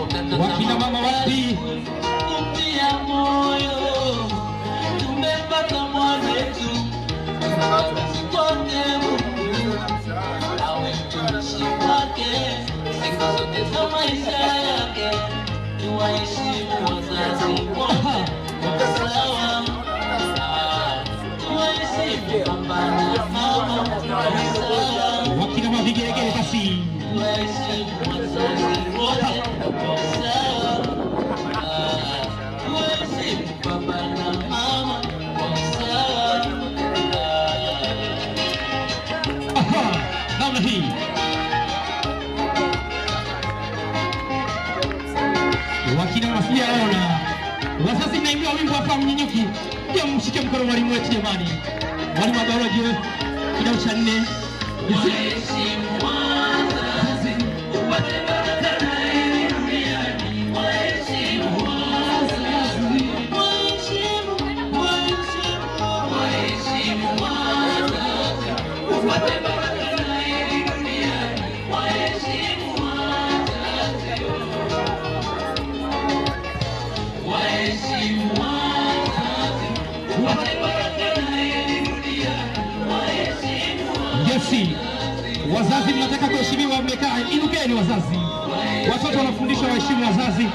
O eu mama wapi? Kutia moyo tumepata mwanetu kote Mungu awe mtumishi wake siku zote za maisha yake, tuwaheshimu wazazi é sawa tuwaheshimu baba na o sawa, wakina mavigelegele basi tuwaheshimu wazazi namna hii. Wakina wasijaona wasasi, naimbiwa wimbo hapa mnyenyuki, je, mshike mkono mwalimu wetu jamani, mwalimu wa biolojia kidao cha nne What Yes. Wazazi mnataka kuheshimiwa, mmekaa. Inukeni wazazi, watoto wanafundishwa waheshimu wazazi.